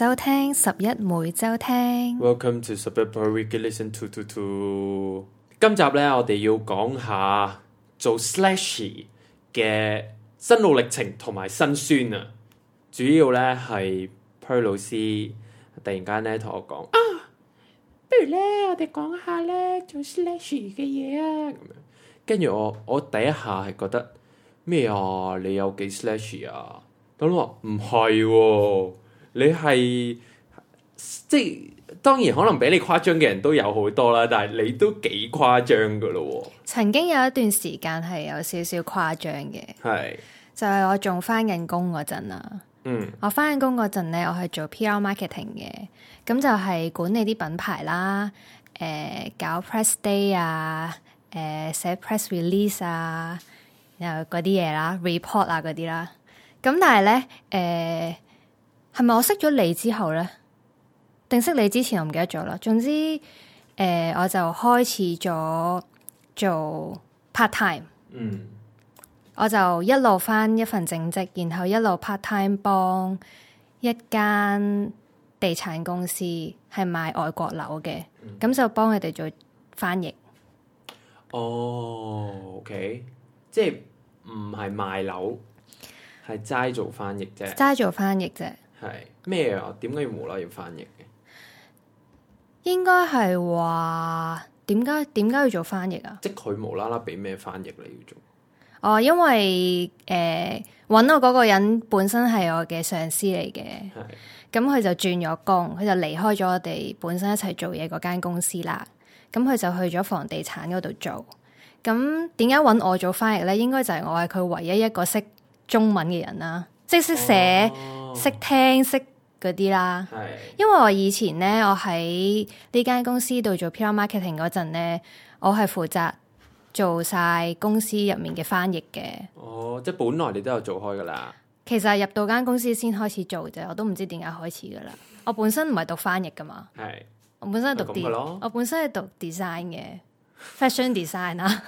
收聽十一每周聽，Welcome to Super Per Week。Listen to to to。今集咧，我哋要講下做 Slashie 嘅心路歷程同埋辛酸啊。主要咧係 Per 老師突然間咧同我講啊，不如咧我哋講下咧做 Slashie 嘅嘢啊。跟住我我第一下係覺得咩啊？你有幾 Slashie 啊？咁我話唔係喎。你係即係當然可能比你誇張嘅人都有好多啦，但係你都幾誇張噶咯。曾經有一段時間係有少少誇張嘅，係，就係我仲翻緊工嗰陣啊。嗯，我翻緊工嗰陣咧，我係做 PR Marketing 嘅，咁就係管理啲品牌啦，誒、呃，搞 Press Day 啊，誒、呃，寫 Press Release 啊，然後嗰啲嘢啦，Report 啊嗰啲啦，咁但係咧，誒、呃。係咪我識咗你之後咧？定識你之前我唔記得咗啦。總之，誒、呃，我就開始咗做 part time。嗯，我就一路翻一份正職，然後一路 part time 幫一間地產公司係賣外國樓嘅，咁、嗯、就幫佢哋做翻譯。哦，OK，即係唔係賣樓，係齋做翻譯啫，齋做翻譯啫。係咩啊？點解要無啦啦要翻譯嘅？應該係話點解點解要做翻譯啊？即係佢無啦啦俾咩翻譯你要做？哦，因為誒揾、呃、我嗰個人本身係我嘅上司嚟嘅，咁佢就轉咗工，佢就離開咗我哋本身一齊做嘢嗰間公司啦。咁佢就去咗房地產嗰度做。咁點解揾我做翻譯咧？應該就係我係佢唯一一個識中文嘅人啦，即係識寫、哦。識聽識嗰啲啦，是的 因為我以前咧，我喺呢間公司度做 PR marketing 嗰陣咧，我係負責做晒公司入面嘅翻譯嘅。哦，即係本來你都有做開噶啦。其實入到間公司先開始做啫，我都唔知點解開始噶啦。我本身唔係讀翻譯噶嘛，係的我本身讀 design，我本身係讀 des design 嘅 fashion design 啊，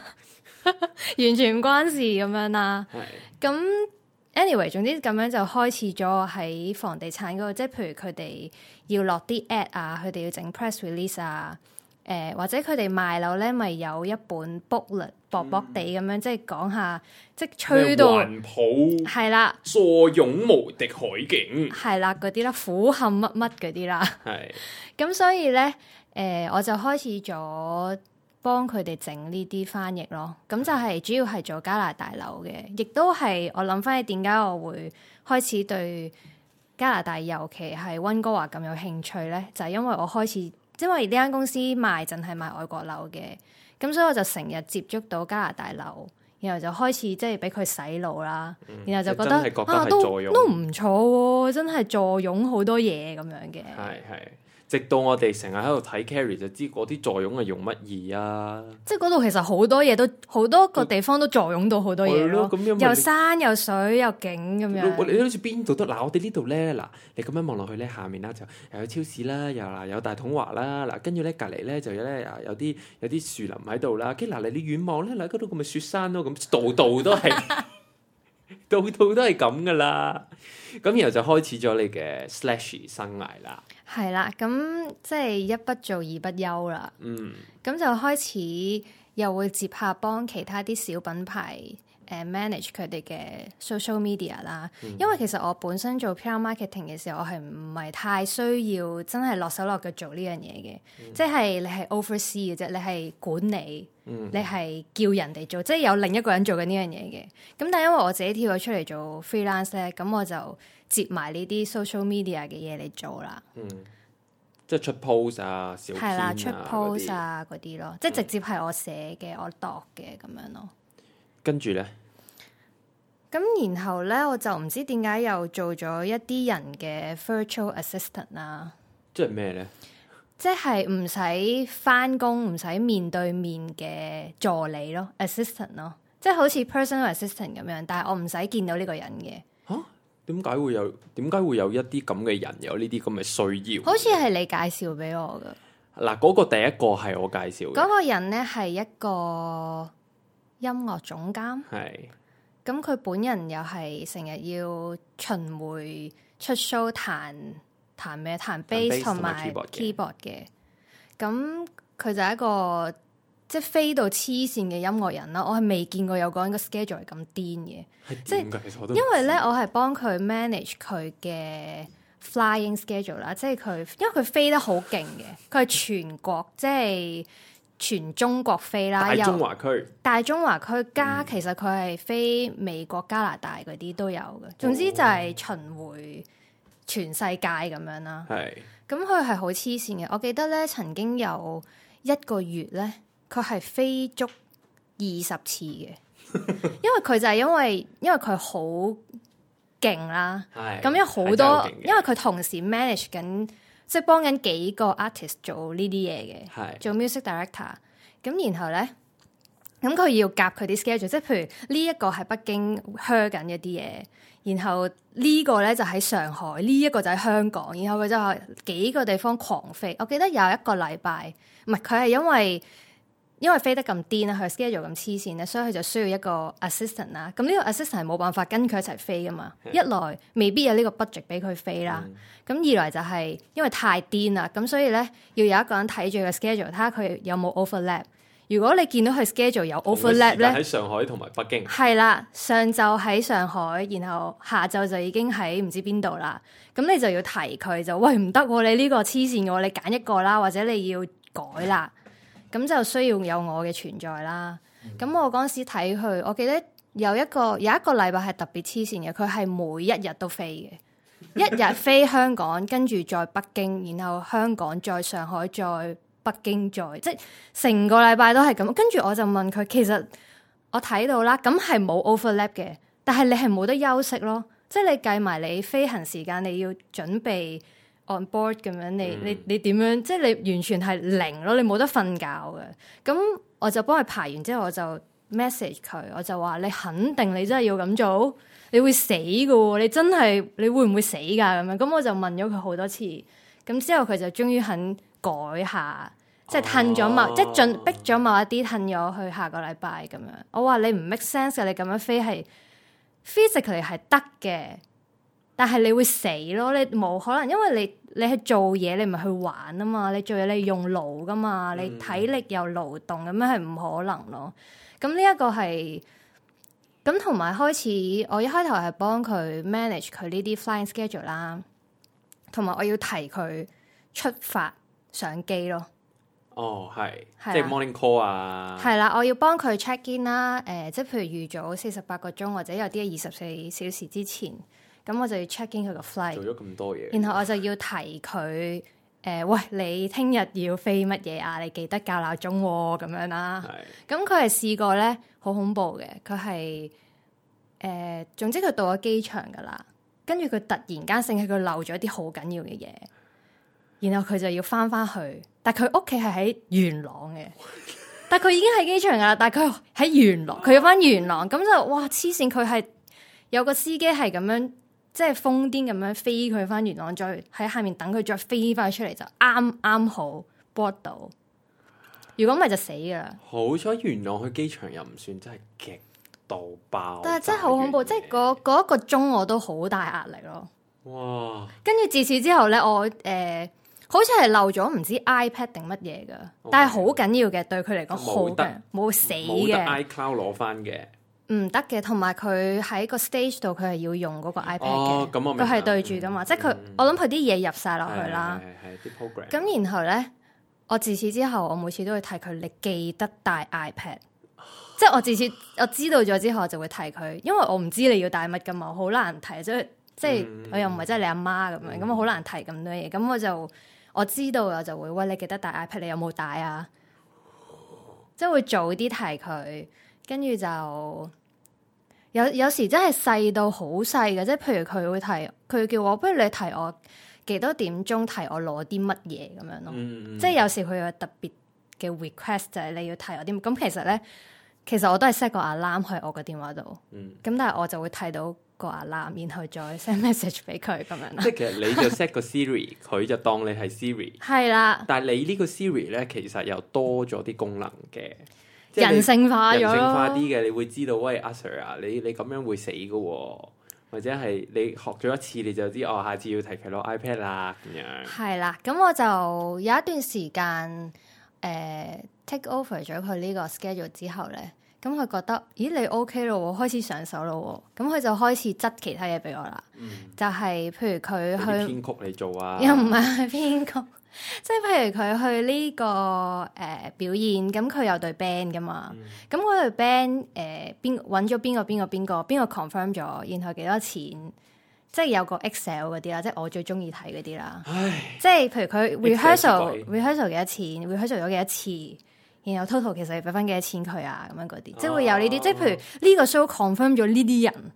完全唔關事咁樣啦、啊。係咁的。Anyway，總之咁樣就開始咗喺房地產嗰度，即係譬如佢哋要落啲 ad 啊，佢哋要整 press release 啊、呃，誒或者佢哋賣樓咧，咪有一本 book 啦，薄薄地咁樣，嗯、即係講下，即係吹到，係啦，坐擁無敵海景，係啦嗰啲啦，苦喊乜乜嗰啲啦，係是，咁 所以咧，誒、呃、我就開始咗。幫佢哋整呢啲翻譯咯，咁就係主要係做加拿大樓嘅，亦都係我諗翻起點解我會開始對加拿大，尤其係溫哥華咁有興趣呢？就係、是、因為我開始，因為呢間公司賣淨係賣外國樓嘅，咁所以我就成日接觸到加拿大樓，然後就開始即係俾佢洗腦啦，嗯、然後就覺得，覺得啊都都唔錯、哦，真係坐擁好多嘢咁樣嘅，係係。直到我哋成日喺度睇 carry 就知嗰啲作用係用乜嘢啊！即係嗰度其實好多嘢都好多個地方都作用到好多嘢咯。咁樣，又山又水又景咁樣。你好似住邊度得嗱？我哋呢度咧嗱，你咁樣望落去咧，下面啦就又有超市啦，又嗱有大統華啦嗱，跟住咧隔籬咧就有咧啊有啲有啲樹林喺度 啦。跟嗱嚟你遠望咧嗱，嗰度咁咪雪山咯，咁度度都係度度都係咁噶啦。咁然後就開始咗你嘅 slashie 生涯啦。係啦，咁即係一不做二不休啦。嗯，咁就開始又會接下幫其他啲小品牌。manage 佢哋嘅 social media 啦、嗯，因為其實我本身做 PR marketing 嘅時候，我係唔係太需要真係落手落腳做呢樣嘢嘅，嗯、即係你係 oversee 嘅啫，你係管理，嗯、你係叫人哋做，即係有另一個人做緊呢樣嘢嘅。咁但係因為我自己跳咗出嚟做 freelance 咧、嗯，咁我就接埋呢啲 social media 嘅嘢嚟做啦、嗯。即係出 post 啊，小係、啊、啦，出 post 啊嗰啲些咯，即係直接係我寫嘅，嗯、我度嘅咁樣咯。跟住咧，咁然後咧，我就唔知點解又做咗一啲人嘅 virtual assistant 啦。即係咩咧？即係唔使翻工，唔使面對面嘅助理咯，assistant 咯，即係好似 personal assistant 咁樣，但係我唔使見到呢個人嘅。吓、啊？點解會有？點解會有一啲咁嘅人有呢啲咁嘅需要？好似係你介紹俾我㗎。嗱，嗰、嗰個第一個係我介紹嘅，嗰個人咧係一個。音樂總監，係咁佢本人又係成日要巡迴出 show 彈，彈咩？彈 bass 同埋 keyboard 嘅，咁佢 就係一個即係飛到黐線嘅音樂人啦。我係未見過有講個人 schedule 係咁癲嘅，即係因為咧我係幫佢 manage 佢嘅 flying schedule 啦，即係佢因為佢飛得好勁嘅，佢係全國即係。全中國飛啦，有大中華區，大中華區加，嗯、其實佢係飛美國、加拿大嗰啲都有嘅。總之就係巡迴全世界咁樣啦。係、哦，咁佢係好黐線嘅。我記得咧，曾經有一個月咧，佢係飛足二十次嘅， 因為佢就係因為因為佢好勁啦。係，咁有好多，因為佢同時 manage 緊。即係幫緊幾個 artist 做呢啲嘢嘅。是做 music director。咁然後咧，咁佢要夾佢啲 schedule，即係譬如呢一個喺北京 hug 緊一啲嘢，然後呢個咧就喺上海，呢一個就喺香港，然後佢就係幾個地方狂飛。我記得有一個禮拜，唔係，佢係因為。因為飛得咁癲咧，佢 schedule 咁黐線咧，所以佢就需要一個 assistant 啦。咁呢個 assistant 係冇辦法跟佢一齊飛噶嘛。一來未必有呢個 budget 俾佢飛啦。咁 二來就係因為太癲啦，咁所以咧要有一個人睇住個 schedule，睇下佢有冇 overlap。如果你見到佢 schedule 有 overlap 咧，喺上海同埋北京。係啦，上晝喺上海，然後下晝就已經喺唔知邊度啦。咁你就要提佢就，喂，唔得喎，你呢個黐線喎，你揀一個啦，或者你要改啦。 咁就需要有我嘅存在啦。咁我嗰陣時睇佢，我記得有一個有一個禮拜係特別黐線嘅，佢係每一日都飛嘅，一日飛香港，跟住在北京，然後香港再上海，再北京再，即成個禮拜都係咁。跟住我就問佢，其實我睇到啦，咁係冇 overlap 嘅，但係你係冇得休息咯，即係你計埋你飛行時間，你要準備。on board 咁樣，你你你點樣？即係你完全係零咯，你冇得瞓覺嘅。咁我就幫佢排完之後，我就 message 佢，我就話你肯定你真係要咁做，你會死噶喎，你真係你會唔會死噶？咁樣，咁我就問咗佢好多次。咁之後佢就終於肯改下，即係褪咗某，oh。即盡逼咗某一啲褪咗去下個禮拜咁樣。我話你唔 make sense 嘅，你咁樣飛係 physically 係得嘅。但係你會死咯，你冇可能，因為你你係做嘢，你唔係去玩啊嘛，你做嘢你用腦噶嘛，你體力又勞動，咁樣係唔可能咯。咁呢一個係咁同埋開始，我一開頭係幫佢 manage 佢呢啲 flight schedule 啦，同埋我要提佢出發上機咯。哦，係，啊、即係 morning call 啊，係啦、啊，我要幫佢 check in 啦，誒、呃，即係譬如預早四十八個鐘，或者有啲係二十四小時之前。咁我就要 check in 佢個 flight，做咗咁多嘢，然後我就要提佢，誒、呃，喂，你聽日要飛乜嘢啊？你記得校鬧鐘咁、哦、樣啦。咁佢係試過呢，好恐怖嘅。佢係誒，總之佢到咗機場噶啦，跟住佢突然間，醒起，佢漏咗啲好緊要嘅嘢，然後佢就要翻翻去，但佢屋企係喺元朗嘅， 但佢已經喺機場噶啦，但佢喺元朗，佢要翻元朗，咁就哇黐線，佢係有個司機係咁樣。即係瘋癲咁樣飛佢翻元朗，再喺下面等佢再飛翻出嚟就啱啱好，搏到。如果唔係就死噶啦。好彩元朗去機場又唔算真係極度爆，但係真係好恐怖。即係嗰一個鐘我都好大壓力咯。哇！跟住自此之後呢，我誒、呃、好似係漏咗唔知 iPad 定乜嘢噶，Okay. 但係好緊要嘅，對佢嚟講好嘅，冇死嘅。iCloud 攞翻嘅。唔得嘅，同埋佢喺個 stage 度，佢係要用嗰個 iPad 嘅、哦，佢、嗯、係對住噶嘛，嗯、即係佢，我諗佢啲嘢入晒落去啦、嗯。係係啲 program。咁然後咧，我自此之後，我每次都會提佢，你記得帶 iPad 唉。即係我自此我知道咗之後，我就會提佢，因為我唔知你要帶乜噶嘛，好難提，即係、嗯、即係我又唔係真係你阿媽咁樣，咁、嗯、我好難提咁多嘢。咁我就我知道我就會喂，你記得帶 iPad，你有冇帶啊？即係會早啲提佢。跟住就有有時真係細到好細嘅，即係譬如佢會提佢叫我，不如你提我幾多點鐘？提我攞啲乜嘢咁樣咯。嗯嗯、即係有時佢有特別嘅 request，就係你要提我啲咁。其實咧，其實我都係 set 個 alarm 喺我個電話度。嗯，咁但係我就會睇到個 alarm，然後再 send message 俾佢咁樣。即係其實你就 set 個 Siri，佢 就當你係 Siri。係啦。但係你個呢個 Siri 咧，其實又多咗啲功能嘅。人性化咗啲嘅，你會知道喂，阿 Sir 啊，Sir，你你咁樣會死噶、哦，或者係你學咗一次你就知，我、哦、下次要提佢攞 iPad 啦咁樣。係啦，咁我就有一段時間誒、呃、take over 咗佢呢個 schedule 之後咧，咁佢覺得咦你 OK 咯，開始上手咯，咁佢就開始執其他嘢俾我啦，嗯、就係譬如佢去編曲嚟做啊，又唔係去編曲。 即係譬如佢去呢、這個誒、呃、表演，咁佢有隊 band 噶嘛？咁嗰隊 band 誒邊揾咗邊個邊個邊個邊個 confirm 咗？然後幾多錢？即係有個 Excel 嗰啲啦，即係我最中意睇嗰啲啦。即係譬如佢 rehearsal，rehearsal 幾多錢？rehearsal 咗幾多次？然後 total 其實要俾翻幾多錢佢啊？咁樣嗰啲，即係會有呢啲。即係譬如呢個 show confirm 咗呢啲人。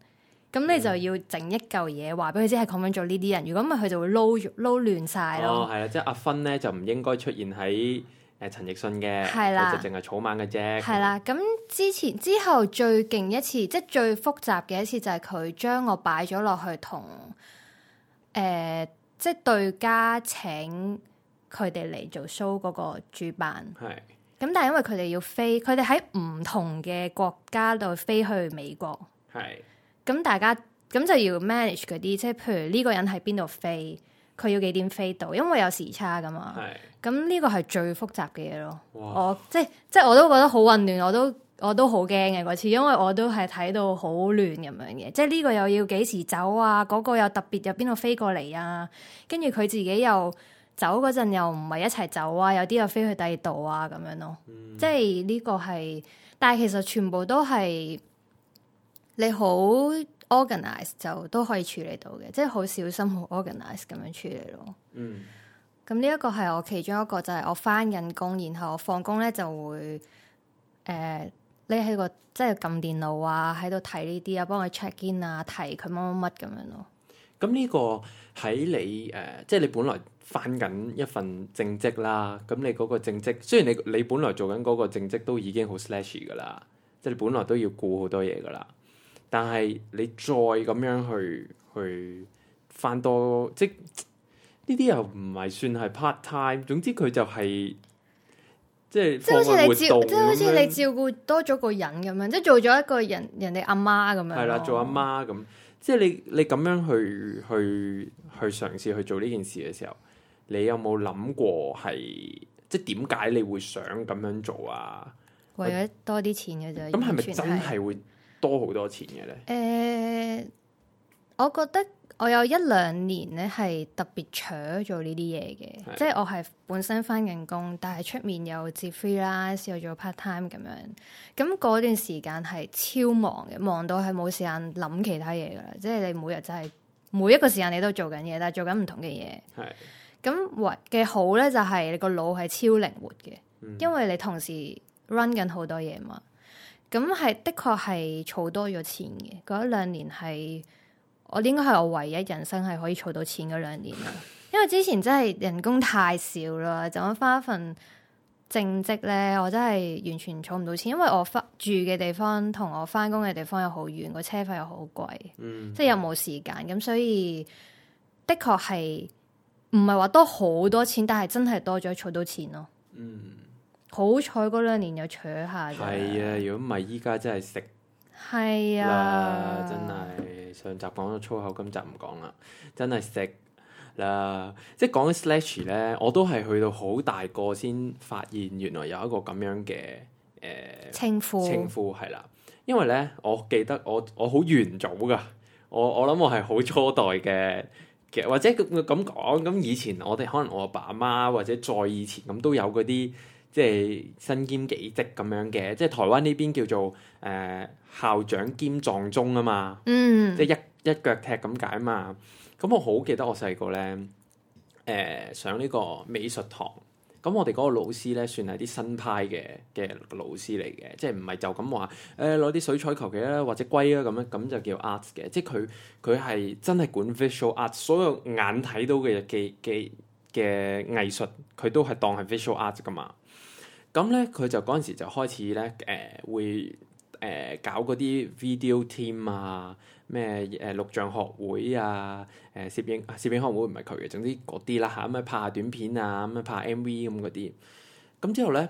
咁、嗯、你就要整一嚿嘢，話俾佢知係咁樣做呢啲人。如果唔係，佢就會撈撈亂晒咯。哦，係即係阿芬咧，就唔應該出現喺誒陳奕迅嘅，係啦，就淨係草蜢嘅啫。係啦，咁之前之後最勁一次，即係最複雜嘅一次就係佢將我擺咗落去同誒、呃，即係對家請佢哋嚟做 show 嗰個主辦。係咁，但係因為佢哋要飛，佢哋喺唔同嘅國家度飛去美國。係。咁大家咁就要 manage 嗰啲，即係譬如呢個人喺邊度飛，佢要幾點飛到，因為有時差噶嘛。係咁呢個係最複雜嘅嘢咯。哇！我，即係即係我都覺得好混亂，我都我都好驚嘅嗰次，因為我都係睇到好亂咁樣嘅。即係呢個又要幾時走啊？嗰、嗰個又特別由邊度飛過嚟啊？跟住佢自己又走嗰陣又唔係一齊走啊？有啲又飛去第二度啊？咁樣咯。嗯、即係呢個係，但係其實全部都係。你好 organize 就都可以處理到嘅，即係好小心好 organize 咁樣處理咯。嗯，咁呢一個係我其中一個就係、是、我返緊工，然後我放工咧就會誒匿喺個即係撳電腦啊，喺度睇呢啲啊，幫佢 check in 啊，提佢乜乜乜咁樣咯。咁呢個喺你誒、呃，即係你本來返緊一份正職啦。咁你嗰個正職雖然你你本來做緊嗰個正職都已經好 slashie 噶啦，即係你本來都要顧好多嘢噶啦。但係你再咁樣去去翻多，即呢啲又唔係算係 part time。總之佢就係、即係、即係好似你照，即係好似你照顧多咗個人咁樣，即係做咗一個人人哋阿媽咁樣。係啦了，我做阿媽咁，即係你你咁樣去去去嘗試去做呢件事嘅時候，你有冇諗過係即係點解你會想咁樣做啊？為咗多啲錢嘅啫。咁係咪真係會？多好多錢嘅咧？誒、呃，我覺得我有一兩年咧係特別蠢做呢啲嘢嘅。是的 即係我係本身翻緊工，但係出面又接 free 啦，又做 part time 咁樣。咁嗰段時間係超忙嘅，忙到係冇時間諗其他嘢噶啦。即係你每日就係、是、每一個時間你都做緊嘢，但係做緊唔同嘅嘢。係咁唯嘅好咧，就係、是、你個腦係超靈活嘅，嗯、因為你同時 run 緊好多嘢嘛。咁係的確係儲多咗錢嘅嗰一兩年係我應該係我唯一人生係可以儲到錢嗰兩年啦，因為之前真係人工太少啦，就咁翻一份正職咧，我真係完全儲唔到錢，因為我翻住嘅地方同我翻工嘅地方又好遠，個車費又好貴，嗯，即係又冇時間，咁所以的確係唔係話多好多錢，但係真係多咗儲到錢咯，嗯。好彩嗰兩年有取下。係啊，如果唔係依家真係食係啊。真係上集講咗粗口，今集唔講啦。真係食啦，即係講起 slash 咧，我都係去到好大個先發現，原來有一個咁樣嘅誒、呃、稱呼稱呼係啦。因為咧，我記得我我好元祖噶，我我諗我係好初代嘅嘅，或者咁咁講，咁以前我哋可能我阿爸阿媽或者再以前咁都有嗰啲。即係身兼幾職咁樣嘅，即係台灣呢邊叫做誒、呃、校長兼撞鐘啊嘛，嗯嗯即係一一腳踢咁解啊嘛。咁我好記得我細個咧誒上呢個美術堂，咁我哋嗰個老師咧算係啲新派嘅嘅老師嚟嘅，即係唔係就咁話誒攞啲水彩求其啦或者龜啦、啊、咁樣咁就叫 arts 嘅。即係佢佢係真係管 visual art，所有眼睇到嘅嘅嘅嘅藝術佢都係當係 visual art 噶嘛。咁咧，佢就嗰陣時就開始咧，誒、呃、會誒、呃、搞嗰啲 video team 啊，咩誒、呃、錄像學會啊，誒、呃、攝影攝影學會唔係佢嘅，總之嗰啲啦嚇，咁、啊、樣拍下短片啊，咁樣拍 MV 咁嗰啲。咁之後咧，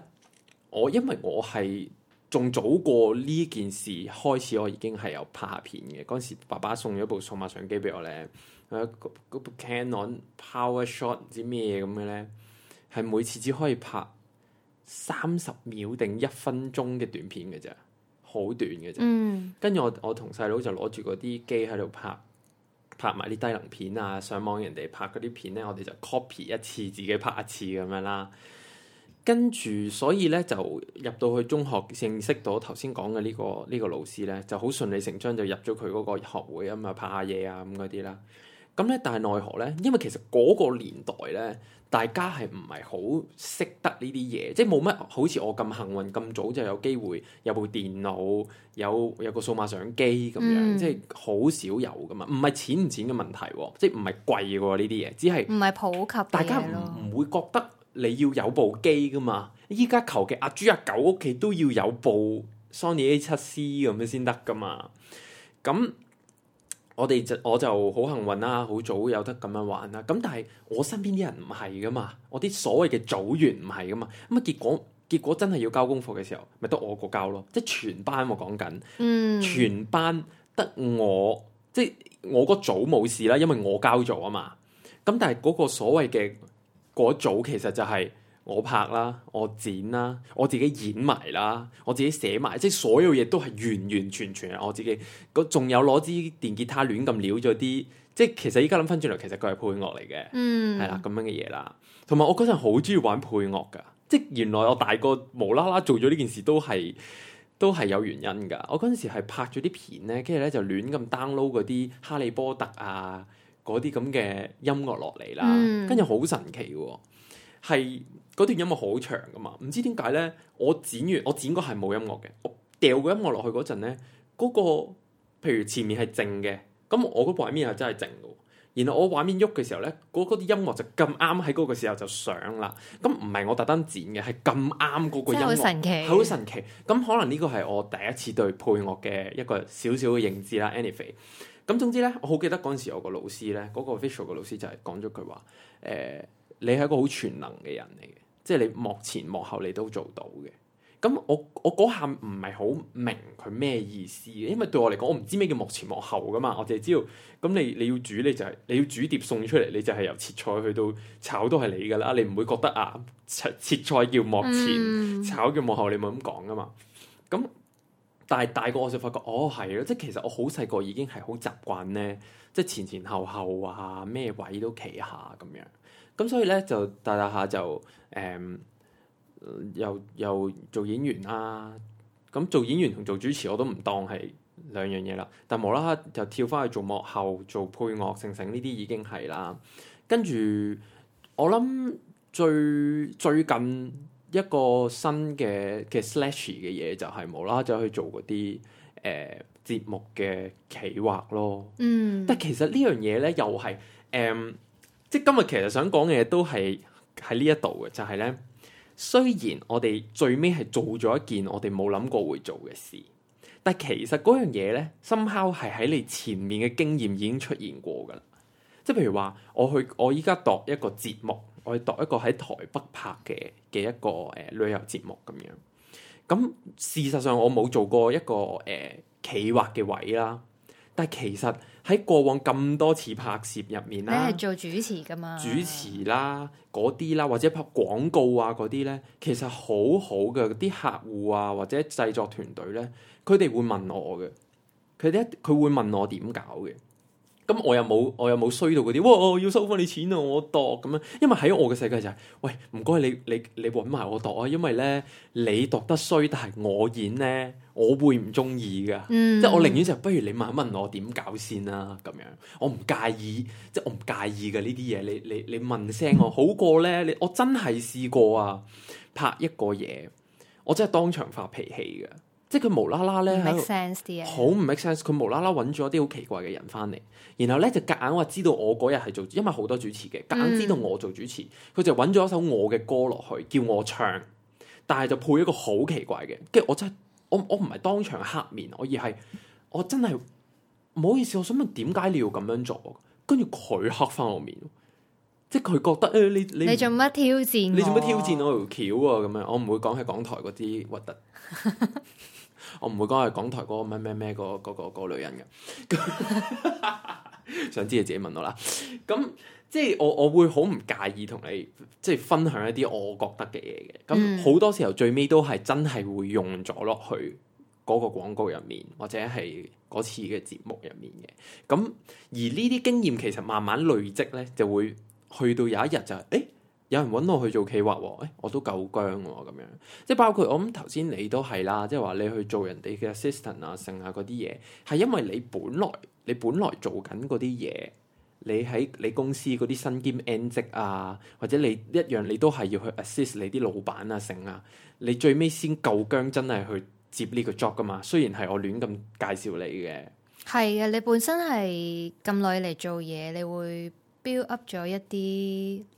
我因為我係仲早過呢件事開始，我已經係有拍下片嘅。嗰陣時，爸爸送咗部數碼相機俾我咧，誒嗰部 Canon Power Shot 唔知咩嘢咁嘅咧，係每次只可以拍三十秒定一分鐘嘅短片嘅啫，好短嘅啫。跟住，嗯、我我同細佬就攞住嗰啲機喺度拍，拍埋啲低能片啊。上網人哋拍嗰啲片咧，我哋就 copy 一次，自己拍一次咁樣啦。跟住所以咧就入到去中學，認識到頭先講嘅呢個呢、呢個老師咧，就好順理成章就入咗佢嗰個學會啊嘛，嗯，拍下嘢啊，咁嗰啲啦。咁咧但係奈何咧，因為其實嗰個年代咧。大家係唔係好識得呢啲嘢？即係冇乜好似我咁幸運咁早就有機會有部電腦，有有個數碼相機咁樣，嗯、即係好少有噶嘛。唔係錢唔錢嘅問題、哦，即係唔係貴喎呢啲嘢，只係唔係普及。大家唔唔會覺得你要有部機噶嘛？依、啊啊、家求其阿豬阿狗屋企都要有部 Sony A7C 咁樣先得噶嘛？咁。我哋就我就好幸運啦，好早有得咁樣玩啦。咁但係我身邊啲人唔係噶嘛，我啲所謂嘅組員唔係噶嘛。咁啊結果結果真係要交功課嘅時候，咪得我個交咯。即係全班我講緊，嗯、全班得我，即係我個組冇事啦，因為我交咗啊嘛。咁但係嗰個所謂嘅嗰組其實就係、是。我拍啦，我剪啦，我自己演埋啦，我自己寫埋，即係所有嘢都係完完全全係我自己，仲有攞支電吉他亂咁撩咗啲，即係其實依家諗翻轉嚟，其實佢係配樂嚟嘅，係啦，咁樣嘅嘢啦。同埋我嗰陣好中意玩配樂噶，即係原來我大個無啦啦做咗呢件事都係都係有原因噶。我嗰陣時係拍咗啲片咧，跟住咧就亂咁 download 嗰啲哈利波特啊嗰啲咁嘅音樂落嚟啦，跟住好神奇喎。係嗰段音樂好長㗎嘛？唔知點解咧？我剪完我剪個係冇音樂嘅，我掉個音樂落去嗰陣咧，嗰個譬如前面係靜嘅，咁我嗰畫面係真係靜嘅。然後我畫面喐嘅時候咧，嗰啲音樂就咁啱喺嗰個時候就上啦。咁唔係我特登剪嘅，係咁啱嗰個音樂，係好神奇。咁可能呢個係我第一次對配樂嘅一個少少嘅認知啦。Anyway，咁總之咧，我好記得嗰陣時我個老師咧，嗰個 Visual 個老師就係講咗句話，誒、欸。你係一個好全能嘅人嚟嘅，即係你幕前幕後你都做到嘅。咁我我嗰下唔係好明佢咩意思嘅，因為對我嚟講，我唔知咩叫幕前幕後噶嘛。我淨係知道咁你你要煮你就係、係、你要煮碟送出嚟，你就係由切菜去到炒都係你噶啦。你唔會覺得啊，切切菜叫幕前，嗯、炒叫幕後，你冇咁講噶嘛。咁但係大個我就發覺，哦係咯，即係其實我好細個已經係好習慣咧，即係前前後後啊，咩位都企下咁樣。咁、嗯、所以咧就大大下就誒、嗯，又又做演員啦、啊。咁、嗯、做演員同做主持我都唔當係兩樣嘢啦。但無啦啦就跳翻去做幕後做配樂，成成呢啲已經係啦。跟住我諗最最近一個新嘅嘅 Slashie 嘅嘢就係無啦啦就去做嗰啲誒節目嘅企劃咯。嗯，但其實呢樣嘢咧又係誒。嗯即今日其實想講嘅嘢都係喺呢一度嘅，就係、是、咧，雖然我哋最尾係做咗一件我哋冇諗過會做嘅事，但其實嗰樣嘢咧，somehow 係喺你前面嘅經驗已經出現過噶啦。即譬如話，我去我依家度一個節目，我去度一個喺台北拍嘅嘅一個誒、呃、旅遊節目咁樣。咁事實上我冇做過一個誒、呃、企劃嘅位啦，但其實。喺過往咁多次拍攝入面啦，你係做主持噶嘛？主持啦，啊，嗰啲啦，或者拍廣告啊嗰啲咧，其實好好嘅啲客戶啊，或者製作團隊咧，佢哋會問我嘅，佢一佢會問我點搞嘅。咁我又冇，我又冇衰到嗰啲，哇！我要收翻你錢啊！我度咁樣，因為喺我嘅世界就係、是，喂，唔該你，你你揾埋我度啊！因為咧，你度得衰，但係我演咧，我會唔中意噶，嗯、即係我寧願就是、不如你問一問我點搞先啦，咁樣，我唔介意，即係我唔介意嘅呢啲嘢，你你你問聲我，好過咧，你 我真係試過啊，拍一個嘢，我真係當場發脾氣嘅。即係佢無啦啦咧喺好唔 make sense，佢無啦啦揾咗啲好奇怪嘅人翻嚟，然後咧就夾硬話知道我嗰日係做，因為好多主持嘅，夾硬知道我做主持，佢就揾咗一首我嘅歌落去叫我唱，但係就配一個好奇怪嘅，跟住我真係我我唔係當場黑面，我而係我真係唔好意思，我想問點解你要咁樣做？跟住佢黑翻我面，即係佢覺得欸你你你做乜挑戰？你做乜挑戰我，挑戰我條橋啊？咁樣我唔會講喺港台嗰啲核突。 我唔會講係港台嗰個咩咩咩嗰嗰個女人嘅， 想知就自己問我啦。咁即係我我會好唔介意同你即係分享一啲我覺得嘅嘢嘅。咁好多時候最尾都係真係會用咗落去嗰個廣告入面，或者係嗰次嘅節目入面嘅。咁而呢啲經驗其實慢慢累積咧，就會去到有一日就誒。欸有人揾我去做企劃、哦，哎、欸，我都夠薑咁、哦、樣，即係包括我諗頭先，你都係啦，即係話你去做人哋嘅 assistant 啊，剩啊嗰啲嘢，係因為你本來你本來做緊嗰啲嘢，你喺你公司嗰啲身兼 N 職啊，或者你一樣你都係要去 assist 你啲老闆啊，剩啊，你最尾先夠薑，真係去接呢個 job 㗎嘛。雖然係我亂咁介紹你嘅，係啊，你本身係咁耐嚟做嘢，你會 build up 咗一啲。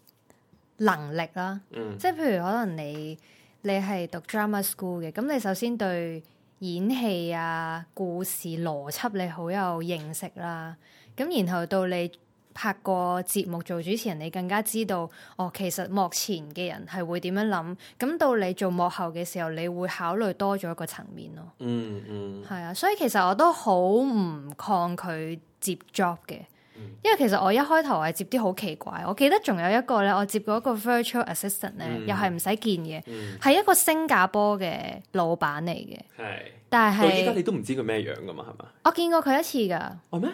能力啦，嗯、即係譬如可能你你係讀 drama school 嘅，咁你首先對演戲啊、故事邏輯你好有認識啦，咁然後到你拍過節目做主持人，你更加知道哦，其實幕前嘅人係會點樣諗，咁到你做幕後嘅時候，你會考慮多咗一個層面咯。嗯嗯，係、嗯、啊，所以其實我都好唔抗拒接 job 嘅。.因為其實我一開頭係接啲好奇怪，我記得仲有一個咧，我接過一個 virtual assistant 咧、嗯，又係唔使見嘅，係、嗯、一個新加坡嘅老闆嚟嘅。係是，但係是到依家你都唔知佢咩樣㗎嘛，係嘛？我見過佢一次㗎。咩、哦嗎？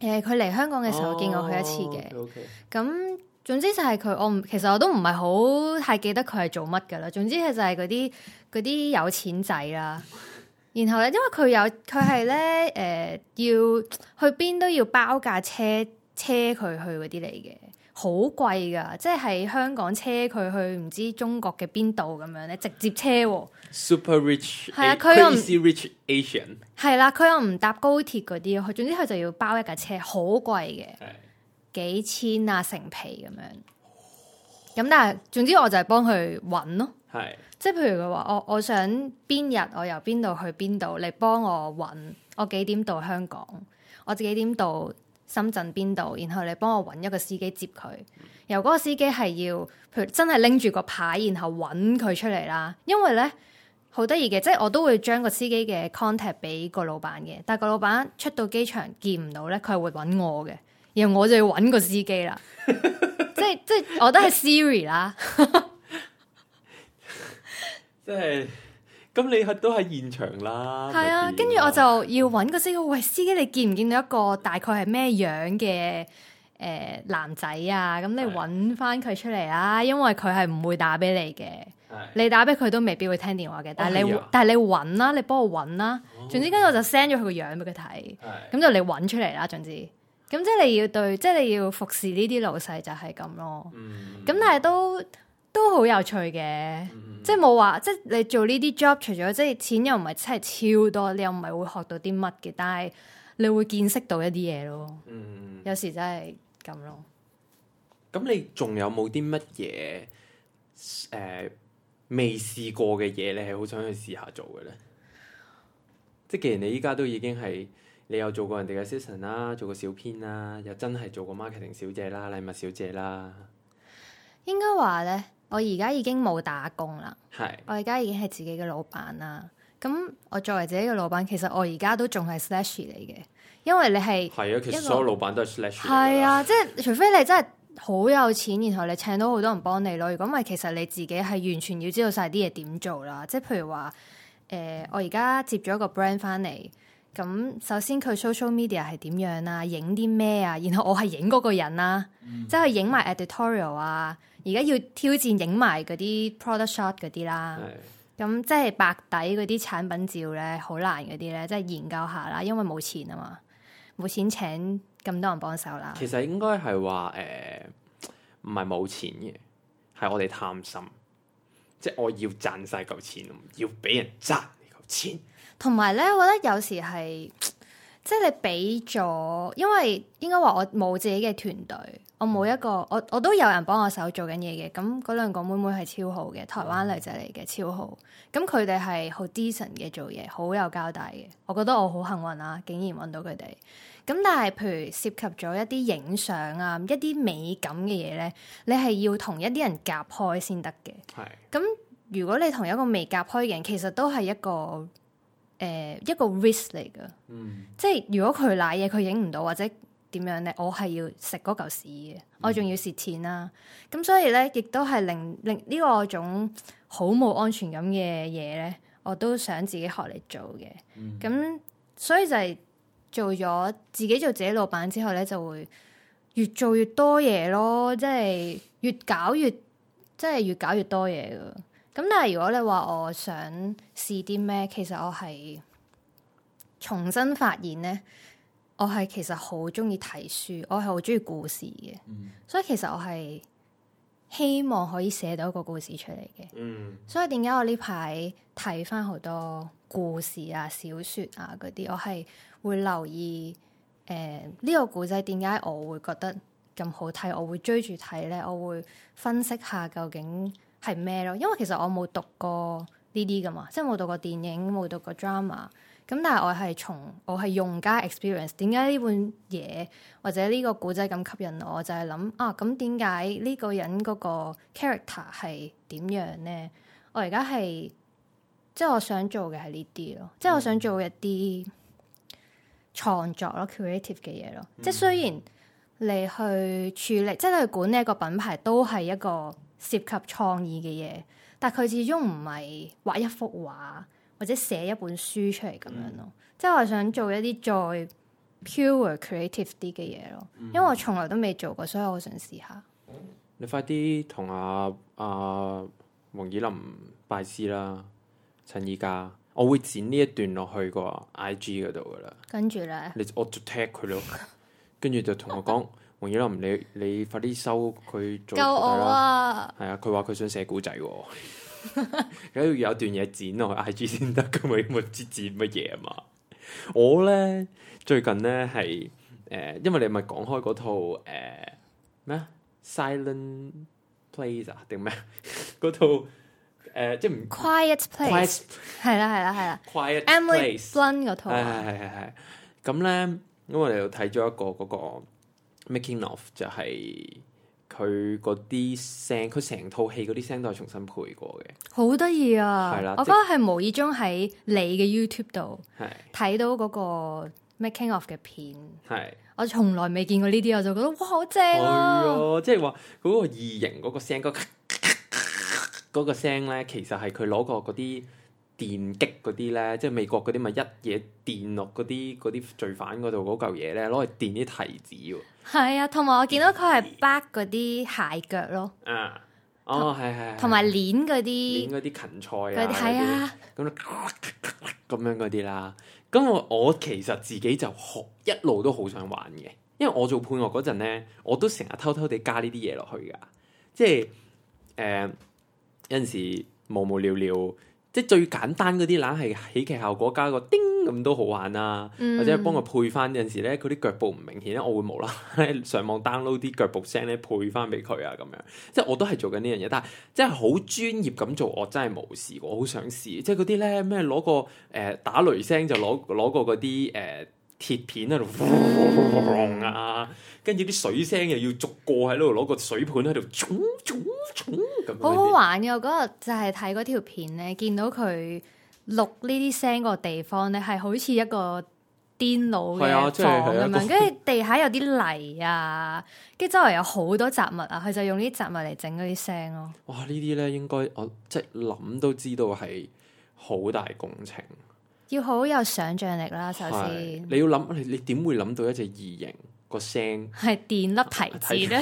誒、欸，佢嚟香港嘅時候見過佢一次嘅。咁、哦 okay。總之就係佢，我唔其實我都唔係好太記得佢係做乜㗎啦。總之係就係嗰啲嗰啲有錢仔啦。 然後咧，因為佢有佢係咧，誒、呃、要去邊都要包架車車佢去嗰啲嚟嘅，好貴㗎，即係香港車佢去唔知中國嘅邊度咁樣咧，直接車、哦。Super rich 係啊，佢 Crazy rich Asian 又唔係啦，佢、啊、又唔搭高鐵嗰啲，佢總之佢就要包一架車，好貴嘅，幾千啊成皮咁樣。咁、嗯、但係，總之我就係幫佢揾咯。係，是即係譬如佢話，我我想邊日我由邊度去邊度，你幫我揾，我幾點到香港，我自己點到深圳邊度，然後你幫我揾一個司機接佢。由嗰個司機係要，譬如真係拎住個牌，然後揾佢出嚟啦。因為呢好得意嘅，即係我都會將個司機嘅 contact 俾個老闆嘅，但係個老闆出到機場見唔到呢，佢係會揾我嘅，然後我就要揾個司機啦。 即係即係，我都係 Siri 啦。 即係，咁你係都喺現場啦。係啊，跟住我就要揾個司機。喂，司機，你見唔見到一個大概係咩樣嘅，誒、呃、男仔啊？咁你揾翻佢出嚟啦，因為佢係唔會打俾你嘅。的你打俾佢都未必會聽電話嘅。但係你，哦、但係你揾啦，你幫我揾啦。哦、總之跟住我就 send 咗佢個樣俾佢睇。咁就的你揾出嚟啦。總之，咁即係你要對，即、就、係、是、你要服侍呢啲老細就係咁咯。咁、嗯、但係都。都好有趣嘅，嗯，即係冇話，即係你做呢啲 job，除咗即係錢又唔係真係超多，你又唔係會學到啲乜嘅，但係你會見識到一啲嘢咯。嗯，有時真係咁咯。咁、嗯、你仲有冇啲乜嘢誒未試過嘅嘢？你係好想去試下做嘅咧？即係既然你依家都已經係你有做過人哋嘅 assistant 啦，做過小編啦，又真係做過 marketing 小姐啦、禮物小姐啦，應該話咧。我而家已經冇打工啦，係我而家已經係自己嘅老闆啦。咁我作為自己嘅老闆，其實我而家都仲係 slashie 嚟嘅，因為你係係啊，其實所有老闆都係 slashie 係啊，即係除非你真係好有錢，然後你請到好多人幫你咯。如果唔係，其實你自己係完全要知道晒啲嘢點做啦。即係譬如話，誒、呃，我而家接咗一個 brand 翻嚟。咁首先佢 social media 係點樣啊？影啲咩啊？然後我係影嗰個人啦，即係影埋 editorial 啊。而家、嗯啊、要挑戰影埋嗰啲 product shot 嗰啲啦。咁、嗯、即係白底嗰啲產品照咧，好難嗰啲咧，即係研究下啦。因為冇錢啊嘛，冇錢請咁多人幫手啦。其實應該係話誒，唔係冇錢嘅，係我哋貪心，即係我要賺曬嚿錢，要俾人賺嚿錢。同埋咧，我覺得有時係即係你俾咗，因為應該話我冇自己嘅團隊，我冇一個，我我都有人幫我手做緊嘢嘅。咁嗰兩個妹妹係超好嘅，台灣女仔嚟嘅，超好。咁佢哋係好 decent 嘅做嘢，好有交代嘅。我覺得我好幸運啊，竟然揾到佢哋。咁但係譬如涉及咗一啲影相啊，一啲美感嘅嘢呢，你係要同一啲人隔開先得嘅。係的。咁如果你同一個未隔開嘅人，其實都係一個。誒、呃、一個 risk 嚟㗎，嗯、即係如果佢賴嘢佢影唔到或者點樣咧，我係要食嗰嚿屎嘅，我仲要蝕錢啦、啊。咁、嗯、所以咧，亦都係令令呢個種好冇安全感嘅嘢咧，我都想自己學嚟做嘅。咁、嗯、所以就係做咗自己做自己老闆之後咧，就會越做越多嘢咯，即係越搞越，即係越搞越多嘢㗎。咁但係如果你話我想試啲咩，其實我係重新發現咧，我係其實好中意睇書，我係好中意故事嘅，所以其實我係希望可以寫到一個故事出嚟嘅。所以點解我呢排睇翻好多故事啊、小說啊嗰啲，我係會留意誒呢、呃這個故仔點解我會覺得咁好睇，我會追住睇咧，我會分析下究竟。係咩咯？因為其實我冇讀過呢啲噶嘛，即係冇讀過電影，冇讀過 drama。咁但係我係從我係用家 experience。點解呢本嘢，或者呢個古仔咁吸引我？我就係諗啊，咁點解呢個人嗰個 character 係點樣呢？我而家係即係我想做嘅係呢啲咯，即係我想做一啲創作咯，creative 嘅嘢咯。即係雖然你去處理，嗯、即係你去管呢一個品牌都係一個。涉及創意嘅嘢，但佢始終唔係畫一幅畫或者寫一本書出嚟咁樣咯，嗯、即係我想做一啲再 pure creative 啲嘅嘢咯，嗯、哼因為我從來都未做過，所以我想試下。你快啲同阿阿黃以林拜師啦，陳依家，我會剪呢一段落去個 IG 嗰度㗎喇。跟住咧，你我就 tag 佢咯，跟住就同我講。唔要啦，唔理你，你快啲收佢做啦。救我啊！係啊，佢話佢想寫古仔，而家 要有段嘢剪落去 I G 先得，咁你未知剪乜嘢啊嘛？我咧 最近咧係誒，因為你咪講開嗰套誒咩《Silent Place 啊》啊定咩？嗰套誒即係唔《Quiet Place》係啦係啦係啦，《Quiet Place》嗰套係係係係，咁咧因為我又睇咗一個嗰個。Making of 就係佢嗰啲聲，佢成套戲嗰啲聲都係重新配過嘅，好得意啊！我覺得係無意中喺你嘅 YouTube 度睇到嗰個 Making of 嘅片，我從來未見過呢啲，我就覺得哇好正啊！即係話嗰個異形嗰個聲，嗰個聲咧其實係佢攞過嗰啲。電擊嗰啲咧，即係美國嗰啲，咪、就是、一嘢電落嗰啲啲罪犯嗰度嗰嚿嘢咧，攞嚟電啲提子喎。係啊，同埋我見到佢係擘嗰啲蟹腳咯。啊、嗯，哦，係係。同埋捻嗰啲捻嗰啲芹菜啊，係啊，咁樣嗰啲啦。咁我我其實自己就學一路都好想玩嘅，因為我做判學嗰陣咧，我都成日偷偷哋加呢啲嘢落去㗎，即係誒、呃、有陣時無，無無聊聊。即係最簡單嗰啲喇，係喜劇效果加個叮咁都好玩啊。嗯、或者幫佢配翻有陣時咧，佢啲腳步唔明顯咧，我會無啦啦上網 download 啲腳步聲咧配翻俾佢啊咁樣，即係我都係做緊呢樣嘢，但係即係好專業咁做，我真係無試過，我好想試，即係嗰啲咧咩攞個誒、呃、打雷聲就攞攞個嗰啲誒。呃鐵片喺度嗡嗡嗡啊，跟住啲水聲又要逐個喺度攞個水盤喺度沖沖沖咁。 樣好好玩嘅，我嗰日就係睇嗰條片咧，見到佢錄呢啲聲個地方咧，係好似一個癲佬嘅房咁，跟、就、住地下有啲泥啊，跟住周圍有好多雜物啊，佢就用啲雜物嚟整嗰啲聲咯。哇！呢啲咧應該我即係諗都知道係好大工程。要好有想象力啦，首先你要諗，你你點會諗到一隻異形個聲係電粒提字咧？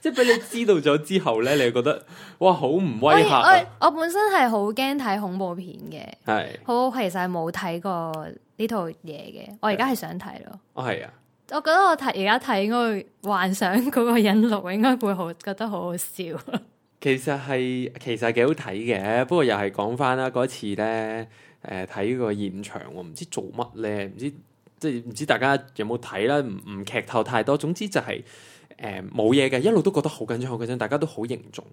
即係俾你知道咗之後咧，你又覺得哇，好唔威吓、啊、我，我，我，我本身係好驚睇恐怖片嘅，係好是其實係冇睇過呢套嘢嘅。我而家係想睇咯，我係啊，我覺得我睇而家睇嗰個幻想嗰個引錄，應該會好覺得好好笑。 其實係其實幾好睇嘅，不過又係講翻啦，嗰次咧。誒睇、呃、個現場喎，唔、哦、知做乜咧，唔知即係唔知大家有冇睇啦，唔劇透太多。總之就係誒冇嘢嘅，一路都覺得好緊張，好緊張，大家都好凝重。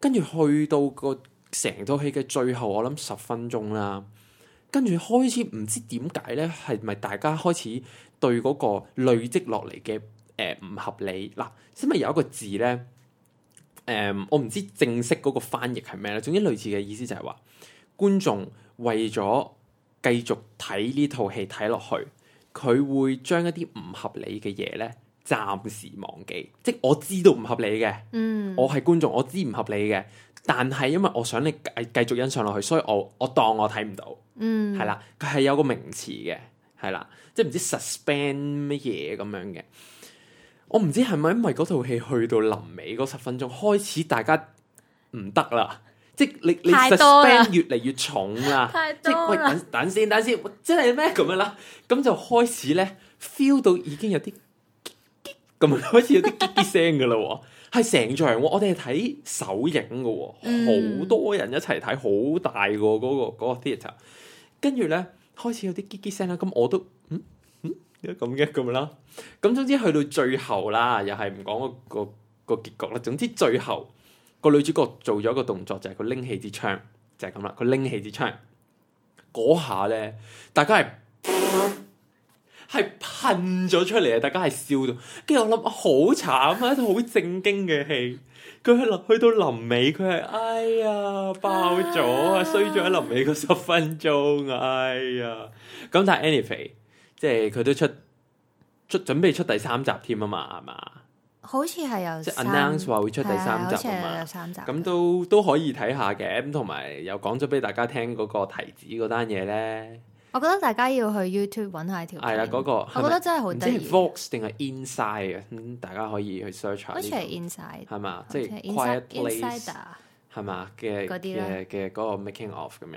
跟住去到個成套戲嘅最後，我諗十分鐘啦。跟住開始唔知點解咧，係咪大家開始對嗰個累積落嚟嘅誒唔合理？嗱，因為有一個字咧，誒、呃、我唔知正式嗰個翻譯係咩咧，總之類似嘅意思就係話觀眾。為咗繼續睇呢套戲睇落去，佢會將一啲唔合理嘅嘢咧暫時忘記，即係我知道唔合理嘅。嗯，我係觀眾，我知唔合理嘅，但係因為我想你繼續欣賞落去，所以我我當我睇唔到。嗯，係啦，佢係有個名詞嘅，係啦，即係唔知 suspend 乜嘢咁樣嘅，我唔知係咪因為嗰套戲去到臨尾嗰十分鐘開始大家唔得啦。即你你 s u 越嚟越重啦，太多即係喂等等先，等先，即係咩？咁樣啦，咁就開始咧 feel 到已經有啲咁樣開始有啲啲聲噶啦，係成 場我哋係睇首映噶，好、嗯、多人一齊睇，好大、那個嗰、那個嗰、那個 theater，跟住咧開始有啲啲聲啦，咁我都嗯嗯，咁嘅咁樣啦，咁總之去到最後啦，又係唔講個、那個、那個結局啦，總之最後。個女主角做咗一個動作，就係佢拎起支槍，就係咁啦。佢拎起支槍，嗰下咧，大家係係噴咗出嚟啊！大家係笑到，跟住我諗，好慘啊！一套好正經嘅戲，佢去去到臨尾，佢係哎呀爆咗啊，衰咗喺臨尾嗰十分鐘，哎呀！咁但係 anyway，即係佢都出出準備出第三集添啊嘛，係嘛？好似係有即係 announce 話會出第三集啊嘛，第三集，咁都都可以睇下嘅。咁同埋又講咗俾大家聽嗰個提子嗰單嘢咧。我覺得大家要去 YouTube 揾下條，係啊嗰個。我覺得真係好得意，即係 Vox 定係 Inside 啊。大家可以去 search 下，好似係 Inside 係嘛，即係 Quiet Inside 係嘛嘅啲嘅嘅嗰個 Making of 咁樣。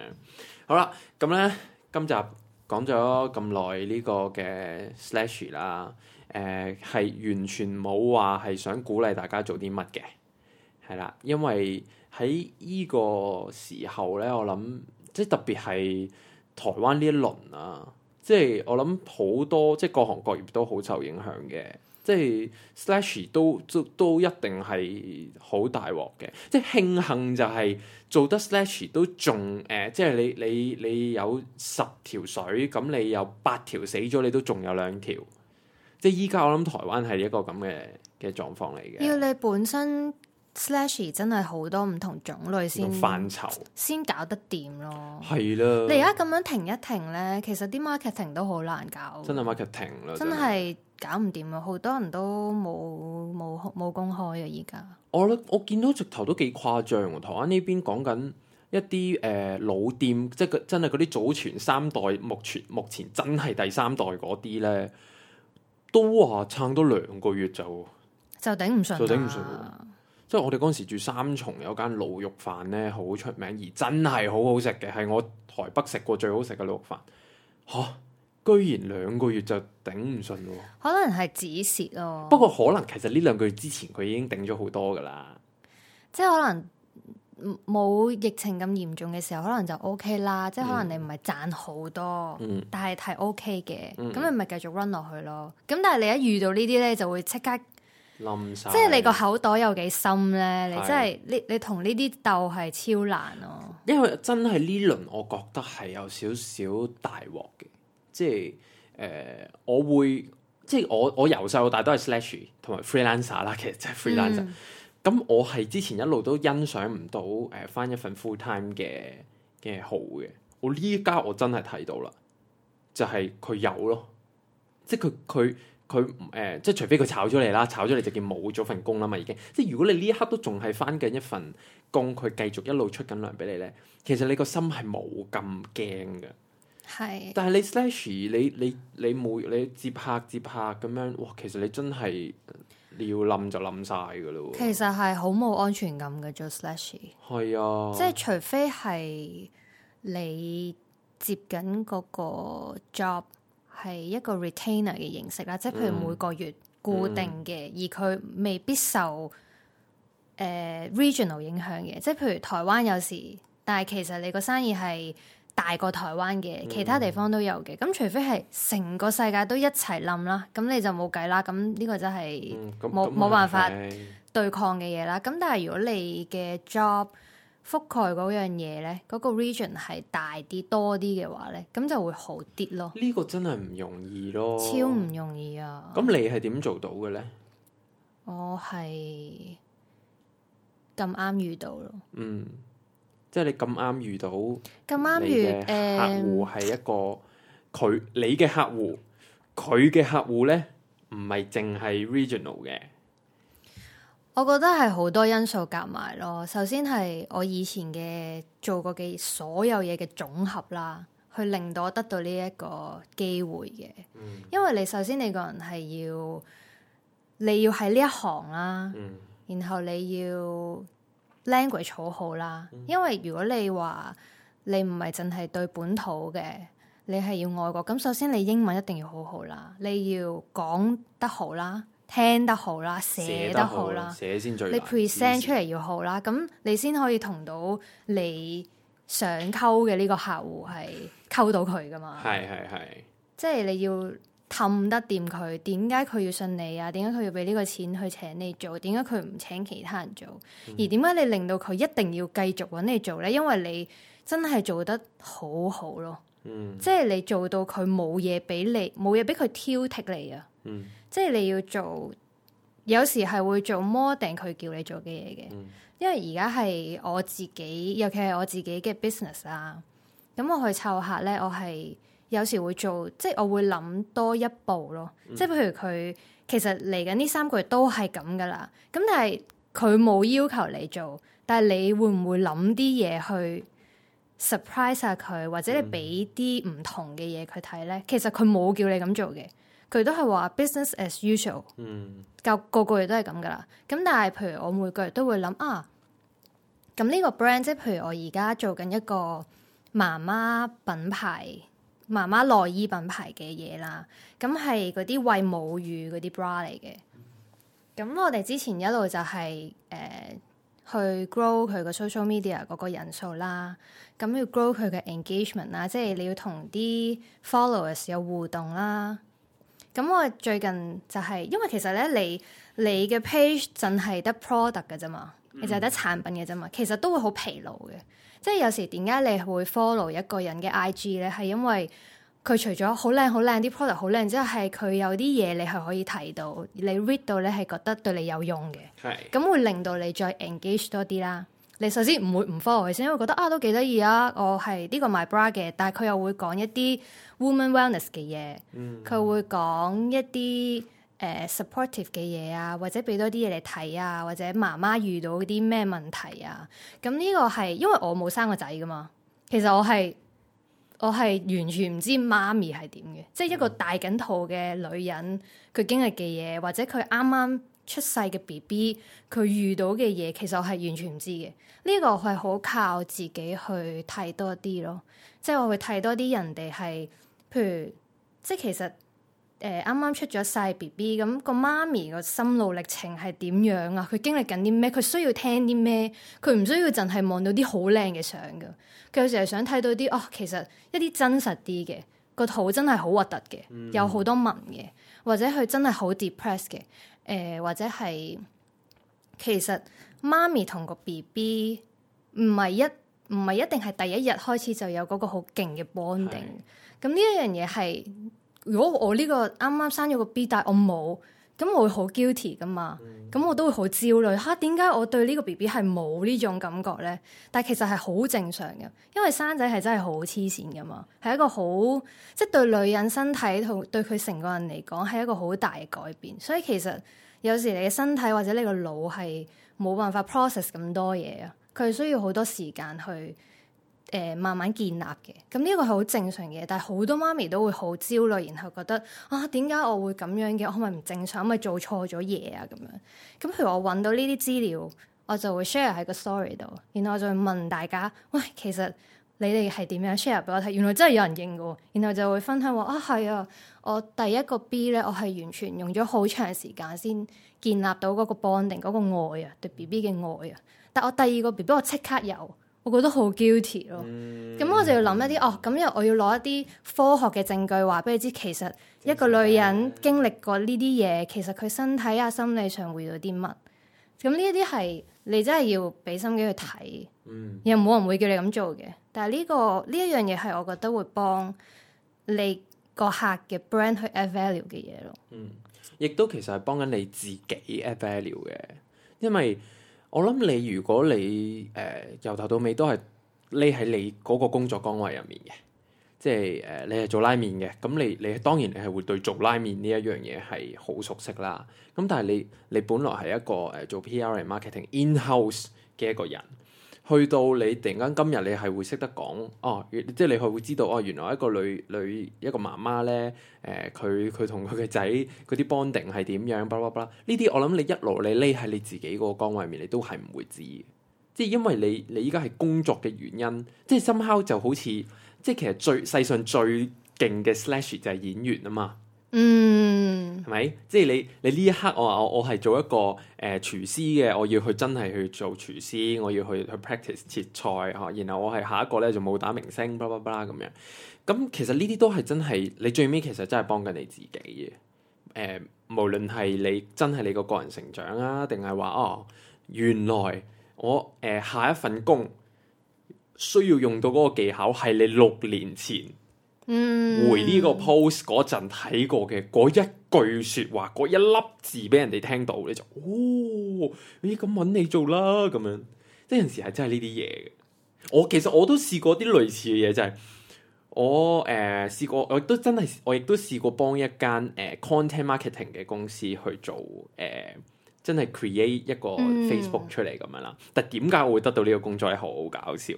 好啦，咁咧今集講咗咁耐呢個嘅 Slashie 啦。誒，係、呃、完全冇話係想鼓勵大家做啲乜嘅，係啦，因為喺呢個時候咧，我諗即係特別係台灣呢一輪啊，即係我諗好多即係各行各業都好受影響嘅，即係 slash 都都都一定係好大鑊嘅，即係慶幸就係做得 slash 都仲誒、呃，即係你你你有十條水，咁你有八條死咗，你都仲有兩條。即係依家，我諗台灣係一個咁嘅嘅狀況嚟嘅。要你本身 slashie 真係好多唔同種類先範疇，先搞得掂咯。係啦，你而家咁樣停一停咧，其實啲 marketing 都好難搞，真係 marketing。真係 marketing 啦，真係搞唔掂啊！好多人都冇冇冇公開啊。而家我咧，我見到直頭都幾誇張。台灣呢邊講緊一啲誒、呃、老店，即係真係嗰啲祖傳三代，目前目前真係第三代嗰啲咧。都話撐多兩個月就就頂唔順，就頂唔順。即係我哋嗰時住三重有間滷肉飯咧，好出名，而真係好好食嘅，係我台北食過最好食嘅滷肉飯。吓、啊，居然兩個月就頂唔順，可能係止蝕咯。不過可能其實呢兩個月之前佢已經頂咗好多噶啦，即係可能。冇疫情咁嚴重嘅時候，可能就 OK 啦，即係可能你唔係賺好多，嗯、但係係 OK 嘅，咁、嗯、你咪繼續 run 落去咯。咁但係你一遇到呢啲咧，就會即刻冧晒。即係你個口袋有幾深咧？你真係是你你同呢啲鬥係超難咯、啊。因為真係呢輪，我覺得係有少少大鑊嘅。即係誒，我會即係、就是、我我由細到大都係 slash 同埋 freelancer 啦，其實即係 freelancer。嗯咁、嗯、我係之前一路都欣賞唔到誒翻、呃、一份 full time 嘅嘅好嘅，我呢家我真係睇到啦，就係、是、佢有咯，即係佢佢佢誒，即係除非佢炒咗你啦，炒咗你就變冇咗份工啦嘛，已經。即係如果你呢一刻都仲係翻緊一份工，佢繼續一路出緊糧俾你咧，其實你個心係冇咁驚嘅。係是，但係你 slash，你你你每你，你接客接客咁樣，哇！其實你真係～你要冧就冧晒㗎咯，其實係好冇安全感嘅做 Slashie。係啊，即係除非係你接緊嗰個 job 係一個 retainer 嘅形式啦，嗯、即係譬如每個月固定嘅，嗯、而佢未必受誒、呃、regional 影響嘅，即係譬如台灣有時，但係其實你個生意係大過台灣嘅，其他地方都有嘅。咁、嗯、除非係成個世界都一齊冧啦，咁你就冇計啦。咁呢個真係冇冇辦法對抗嘅嘢啦。咁、嗯嗯、但係如果你嘅 job 的覆蓋嗰樣嘢呢，嗰、嗰個 region 係大啲多啲嘅話呢，咁就會好啲咯。呢個真係唔容易咯，超唔容易啊！咁你係點做到嘅呢？我係咁啱遇到咯。嗯。即係你咁啱遇到咁啱遇客戶係一個佢、嗯、你嘅客戶佢嘅客戶咧唔係淨係 regional 嘅，reg 我覺得係好多因素夾埋咯。首先係我以前嘅做過嘅所有嘢嘅總合啦，去令到我得到呢一個機會嘅。嗯、因為你首先你個人係要你要喺呢一行啦、啊，嗯、然後你要。Language 好好啦，因為如果你話你唔係淨係對本土嘅，你係要外國。咁首先你英文一定要好好啦，你要講得好啦，聽得好啦，寫得好啦，寫先最。你 present 出嚟要好啦，咁寫你先可以同到你想溝嘅呢個客戶係溝到佢噶嘛？係係係。即係你要。氹得掂佢，點解佢要信你啊？點解佢要俾呢個錢去請你做？點解佢唔請其他人做？嗯、而點解你令到佢一定要繼續揾你做呢？因為你真係做得好好咯，嗯、即係你做到佢冇嘢俾你，冇嘢俾佢挑剔你啊！嗯、即係你要做，有時係會做 more than 佢叫你做嘅嘢嘅，嗯、因為而家係我自己，尤其係我自己嘅 business 啊。咁我去湊客呢，我係。有時會做，即係我會諗多一步咯。即係譬如佢其實嚟緊呢三個月都係咁噶啦。咁但係佢冇要求你做，但係你會唔會諗啲嘢去 surprise 下佢，或者你俾啲唔同嘅嘢佢睇咧？其實佢冇叫你咁做嘅，佢都係話 business as usual。嗯，就個個月都係咁噶啦。咁但係譬如我每個月都會諗啊，咁呢個 brand 即係譬如我而家做緊一個媽媽品牌。媽媽內衣品牌嘅嘢啦，咁係嗰啲餵母乳嗰啲 bra 嚟嘅。咁我哋之前一路就係、是、誒、呃、去 grow 佢個 social media 嗰個人數啦，咁要 grow 佢嘅 engagement 啦，即係你要同啲 followers 有互動啦。咁我最近就係、是、因為其實咧，你你嘅 page 淨係得 product 嘅啫嘛，你只只、嗯、就係得產品嘅啫嘛，其實都會好疲勞嘅。即係有時點解你會 follow 一個人嘅 IG 咧？係因為佢除咗好靚好靚啲 product 好靚，之外係佢有啲嘢你係可以睇到，你 read 到咧係覺得對你有用嘅。係的。咁會令到你再 engage 多啲啦。你首先唔會唔 follow 佢，先，因為覺得啊都幾得意啊，我係呢個 my brother 嘅，但係佢又會講一啲 woman wellness 嘅嘢，佢、嗯、會講一啲。誒 supportive 嘅嘢啊，或者俾多啲嘢你睇啊，或者媽媽遇到啲咩問題啊，咁呢個係因為我冇生過仔噶嘛，其實我係我係完全唔知媽咪係點嘅，即係一個大緊肚嘅女人佢經歷嘅嘢，或者佢啱啱出世嘅 BB 佢遇到嘅嘢，其實我係完全唔知嘅。呢個係好靠自己去睇多啲咯，即係我會睇多啲人哋係，譬如即係其實。誒啱啱出咗晒 BB，咁個媽咪個心路歷程係點樣啊？佢經歷緊啲咩？佢需要聽啲咩？佢唔需要淨係望到啲好靚嘅相㗎，佢有時係想睇到啲哦，其實一啲真實啲嘅個肚真係好核突嘅，有好多紋嘅，或者佢真係好 depressed 嘅，誒、呃、或者係其實媽咪同個 BB 唔係一唔係一定係第一日開始就有嗰個好勁嘅 bonding，咁呢一樣嘢係。如果我呢個啱啱生咗個 B，但係我冇，咁我會好 guilty 㗎嘛？咁、嗯、我都會好焦慮嚇。點、啊、解我對呢個 B B 係冇呢種感覺咧？但係其實係好正常嘅，因為生仔係真係好黐線㗎嘛，係一個好即係對女人身體同對佢成個人嚟講係一個好大嘅改變。所以其實有時你嘅身體或者你個腦係冇辦法 process 咁多嘢啊，佢需要好多時間去。誒、呃、慢慢建立嘅，咁、嗯、呢、這個係好正常嘅。但係好多媽咪都會好焦慮，然後覺得啊，點解我會咁樣嘅？我係咪唔正常？係咪做錯咗嘢啊？咁樣咁譬、嗯、如我揾到呢啲資料，我就會 share 喺個 story 度，然後我就會問大家：喂，其實你哋係點樣 share 俾我睇？原來真係有人認嘅。然後就會分享話：啊，係啊，我第一個 B 咧，我係完全用咗好長時間先建立到嗰個 bonding 嗰個愛啊，對 B B 嘅愛啊。但我第二個 B B 我即刻有。我覺得好 guilty 咯，咁、嗯、我就要諗一啲哦，咁因為我要攞一啲科學嘅證據話俾你知，其實一個女人經歷過呢啲嘢，其實佢身體啊、心理上會有啲乜？咁呢一啲係你真係要俾心機去睇，嗯、又冇人會叫你咁做嘅。但係、這、呢個呢一樣嘢係我覺得會幫你個客嘅 brand 去 add value 嘅嘢咯。嗯，亦都其實係幫緊你自己 add value 嘅，因為。我諗你如果你誒由，呃、頭到尾都係匿喺你個工作崗位入面嘅，即係誒、呃、你係做拉麵嘅，咁你你當然你係會對做拉麵呢一樣嘢係好熟悉啦。咁但係你你本來係一個誒做 PR and marketing in house 嘅一個人。去到你突然間今日你係會識得講哦，即係你係會知道哦，原來一個女女一個媽媽咧，誒佢佢同佢嘅仔嗰啲邦定 n d i 係點樣，巴拉巴拉，呢啲我諗你一路你匿喺你自己嗰個崗位面，你都係唔會知，即係因為你你依家係工作嘅原因，即係深烤就好似即係其實最世上最勁嘅 slash 就係演員啊嘛～嗯，係咪？即係你，你呢一刻我話我我係做一個誒、呃、廚師嘅，我要去真係去做廚師，我要去去 practice 切菜哦、啊。然後我係下一個咧就武打明星，blah blah blah 咁樣。咁、嗯、其實呢啲都係真係，你最尾其實真係幫緊你自己嘅。誒、呃，無論係你真係你個個人成長啊，定係話哦，原來我誒、呃、下一份工需要用到嗰個技巧係你六年前。嗯、回呢個 post 嗰陣睇過嘅嗰一句説話嗰一粒字俾人哋聽到，你就哦，咦，咁揾你做啦咁樣，即係有時係真係呢啲嘢嘅。我其實我都試過啲類似嘅嘢，就係、是、我誒、呃、試過，我亦都真係我亦都試過幫一間誒、呃、content marketing 嘅公司去做誒、呃，真係 create 一個 Facebook 出嚟咁樣啦。嗯、但點解我會得到呢個工作係好搞笑，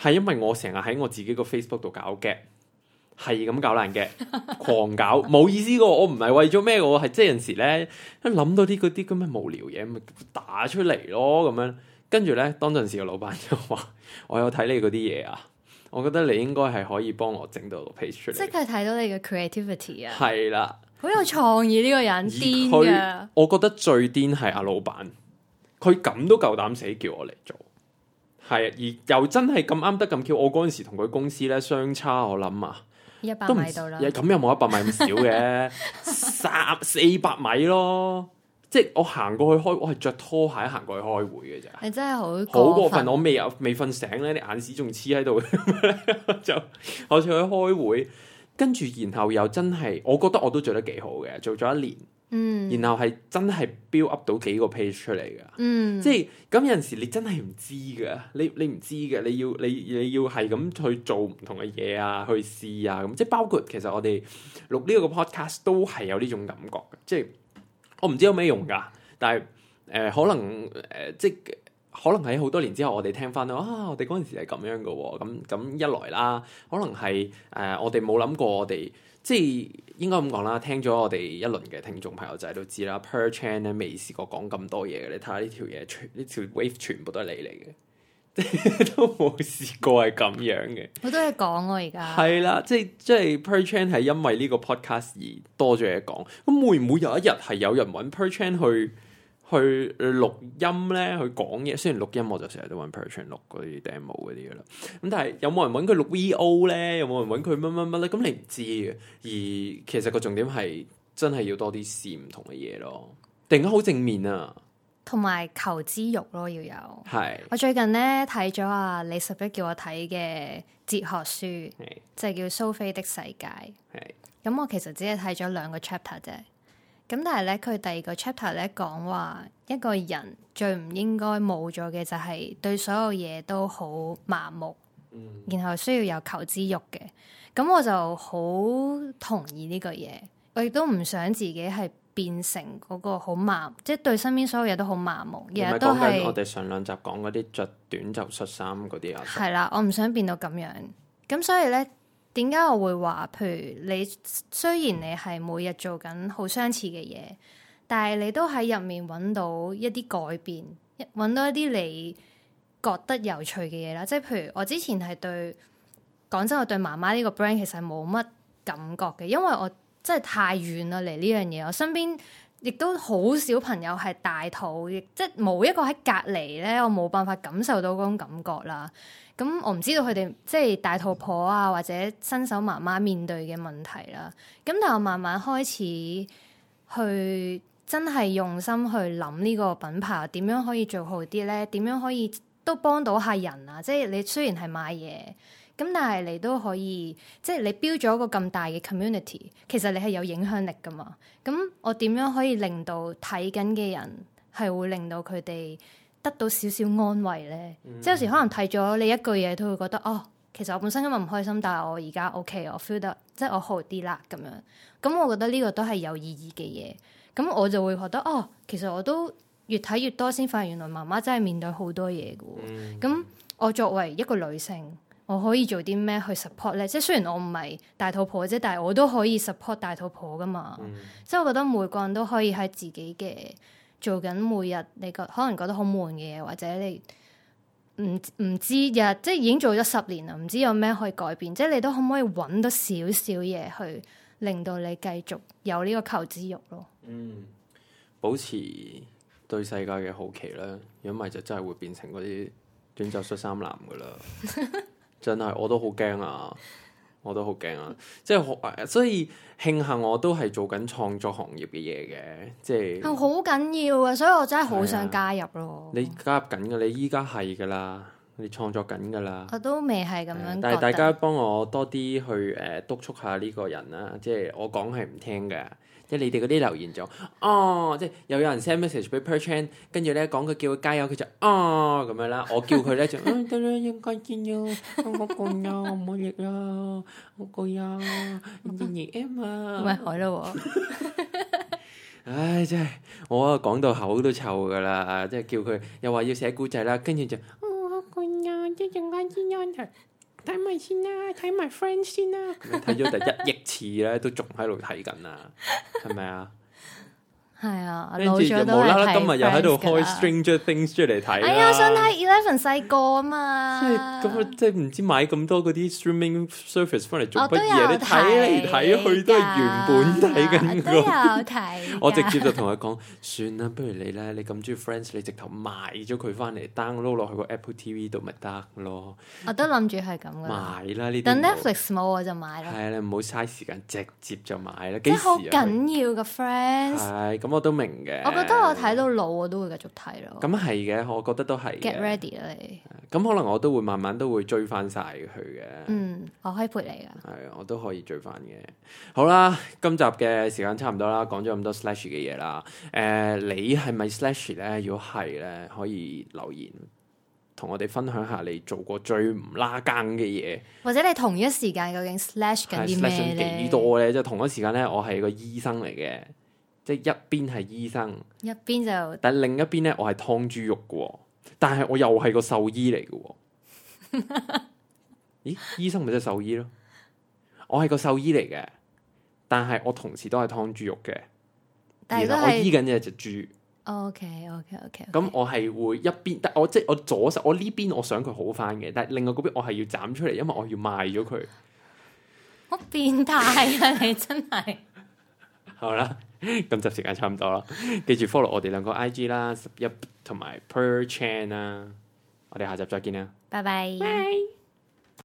係因為我成日喺我自己個 Facebook 度搞 gap。係咁搞爛嘅，狂搞冇 意思噶。我唔係為咗咩噶，我係即係有時咧一諗到啲嗰啲咁嘅無聊嘢，咪打出嚟咯咁樣。跟住咧，當陣時個老闆就話：我有睇你嗰啲嘢啊，我覺得你應該係可以幫我整到個 page 出嚟。即係睇到你嘅 creativity 啊。係啦，好有創意呢個人，癲噶 他 。我覺得最癲係阿老闆，佢咁都夠膽死叫我嚟做。係、啊，而又真係咁啱得咁巧，我嗰陣時同佢公司咧相差，我諗啊。一百米到啦，咁又冇一百米咁少嘅，三四百米咯，即係我行過去開，我係着拖鞋行過去開會嘅咋？你真係好，好過分！我未有未瞓醒咧，你眼屎仲黐喺度， 我就我就去開開會，跟住然後又真係，我覺得我都做得幾好嘅，做咗一年。嗯，然後係真係 build up 到幾個 page 出嚟噶，嗯，即係咁有陣時你真係唔知噶，你你唔知嘅，你要你你要係咁去做唔同嘅嘢啊，去試啊，咁即係包括其實我哋錄呢個 podcast 都係有呢種感覺，即係我唔知有咩用噶，但係誒、呃、可能誒、呃、即係可能喺好多年之後我哋聽翻咧啊，我哋嗰陣時係咁樣噶、哦，咁咁一來啦，可能係誒、呃、我哋冇諗過我哋即係。應該咁講啦，聽咗我哋一輪嘅聽眾朋友仔都知啦，Per Chan 咧未試過講咁多嘢嘅，你睇下呢條嘢，呢條 wave 全部都係你嚟嘅， 都冇試過係咁樣嘅。好多嘢講喎，而家係啦，即係即係 Per Chan 係因為呢個 podcast 而多咗嘢講。咁會唔會有一日係有人揾 Per Chan 去？去錄音咧，去講嘢。雖然錄音，我就成日都揾 Per Chan 錄嗰啲 demo 嗰啲噶啦。咁但係有冇人揾佢錄 VO 咧？有冇人揾佢乜乜乜咧？咁你唔知嘅。而其實個重點係真係要多啲試唔同嘅嘢咯。突然間好正面啊！同埋求知欲咯，要有。係是。我最近咧睇咗啊，李拾壹叫我睇嘅哲學書，是就叫《蘇菲的世界》。係是。咁我其實只係睇咗兩個 chapter 啫。咁但係咧，佢第二個 chapter 咧講話，一個人最唔應該冇咗嘅就係對所有嘢都好麻木，嗯、然後需要有求知欲嘅。咁我就好同意呢個嘢，我亦都唔想自己係變成嗰個好麻木，即係對身邊所有嘢都好麻木，日日都係。我哋上兩集講嗰啲着短袖恤衫嗰啲啊，係啦， 我唔想變到咁樣。咁所以咧。點解我會話？譬如你雖然你係每日做緊好相似嘅嘢，但係你都喺入面揾到一啲改變，揾到一啲你覺得有趣嘅嘢啦。即係譬如我之前係對講真，我對媽媽呢個 brand 其實冇乜感覺嘅，因為我真係太遠啦，離呢樣嘢我身邊。亦都好少朋友係大肚，即係冇一個喺隔離咧，我冇辦法感受到嗰種感覺啦。咁、嗯、我唔知道佢哋即係大肚婆啊，或者新手媽媽面對嘅問題啦。咁、嗯、但係我慢慢開始去真係用心去諗呢個品牌點樣可以做好啲咧，點樣可以都幫到下人啊！即係你雖然係賣嘢。咁但係你都可以，即係你標咗一個咁大嘅 community，其實你係有影響力噶嘛？咁我點樣可以令到睇緊嘅人係會令到佢哋得到少少安慰咧？嗯、即係有時可能睇咗你一句嘢，都會覺得哦，其實我本身今日唔開心，但係我而家 OK，我 feel 得即係我好啲啦咁樣。咁我覺得呢個都係有意義嘅嘢。咁我就會覺得哦，其實我都越睇越多，先發現原來媽媽真係面對好多嘢噶。咁、嗯、我作為一個女性。我可以做啲咩去 support 咧？即係雖然我唔係大肚婆啫，但係我都可以 support 大肚婆噶嘛。即係、嗯、我覺得每個人都可以喺自己嘅做緊每日你覺可能覺得好悶嘅嘢，或者你唔唔知日，即係已經做咗十年啦，唔知有咩可以改變。即係你都可唔可以揾到少少嘢去令到你繼續有呢個求知欲咯？嗯，保持對世界嘅好奇啦，因為就真係會變成嗰啲短袖恤衫男噶啦。 真係我都好驚啊！我都好驚啊！即係，所以慶幸我都係做緊創作行業嘅嘢嘅，即係。好緊要啊！所以我真係好想加入咯、啊。你加入緊噶？你依家係噶啦，你創作緊噶啦。我都未係咁樣、呃。但係大家幫我多啲去誒督、呃、促下呢個人啦，即係我講係唔聽嘅。即係你哋嗰啲留言就哦，即係又有人 send message 俾 Per Chan，跟住咧講佢叫佢加油，佢就哦咁樣啦。我叫佢咧就得啦，應該知嘅，我冇講嘢，冇講嘢，唔知嘢咩？唔係好啦喎。唉真係我講到口都臭㗎啦，即係叫佢又話要寫古仔啦，跟住就哦，好攰，講即一陣間知嘅。睇埋先啦、啊，睇埋 friend 先啦、啊，睇咗 第一億次咧，都仲喺度睇緊啊，係咪啊？ 係啊，老咗都冇啦啦，今日又喺度開 Stranger Things 出嚟睇。哎啊，想睇 Eleven 細個啊嘛！即係咁即係唔知買咁多嗰啲 Streaming、啊、Service 翻嚟做乜嘢？你睇嚟睇去都係原本睇嘅。我、啊、都有睇。 我直接就同佢講，算啦，不如你咧，你咁中意 Friends，你直頭買咗佢翻嚟，download 落去個 Apple TV 度咪得咯。我都諗住係咁嘅。買啦，呢啲等 Netflix 冇我就買咯。係你唔好嘥時間，直接就買啦。幾好緊要嘅 Friends。我都明嘅、嗯，我覺得我睇到老我都會繼續睇咯。咁係嘅，我覺得都係。Get ready 啦你。咁、嗯、可能我都會慢慢都會追翻晒佢嘅。嗯，我可以陪你噶。係，我都可以追翻嘅。好啦，今集嘅時間差唔多啦，講咗咁多 slash 嘅嘢啦。誒、呃，你係咪 slash 咧？如果係咧，可以留言同我哋分享下你做過最唔拉更嘅嘢。或者你同一時間究竟 slash 緊啲咩咧？幾多咧？即係同一時間咧，我係個醫生嚟嘅。即一邊係醫生，一邊就但係另一邊咧，我係劏豬肉嘅、哦，但係我又係個獸醫嚟嘅、哦。 咦？醫生咪即係獸醫咯？我係個獸醫嚟嘅，但係我同時都係劏豬肉嘅。其實我醫緊呢隻豬。OK OK OK。咁我係會一邊，但係我即係我左手，我呢邊我想佢好翻嘅，但係另外嗰邊我係要斬出嚟，因為我要賣咗佢。好變態啊！你真係。 好啦，今集時間差唔多啦。記住 follow 我哋兩個 IG 啦，十一同埋 Per Chan 啦。我哋下集再見啦，拜拜。